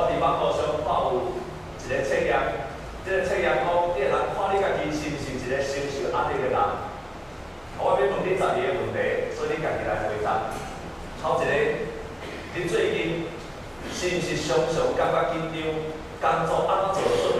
我哋網路上看有一個測驗，這個測驗講，這個人看你家己是唔是一個承受壓力嘅人。我要問你十二個問題，所以你家己來回答。頭一個，你、這個、最近是唔是常常感覺緊張、工作壓力大？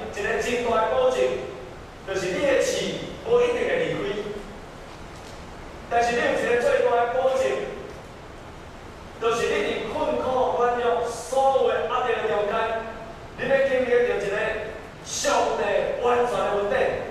真大嘅保證，就是你的刺無一定會離開。但是你有一個最大嘅保證，就是你從困苦、軟弱、所有嘅壓力嘅中間，你要經歷到一個上嘅完全嘅狀態。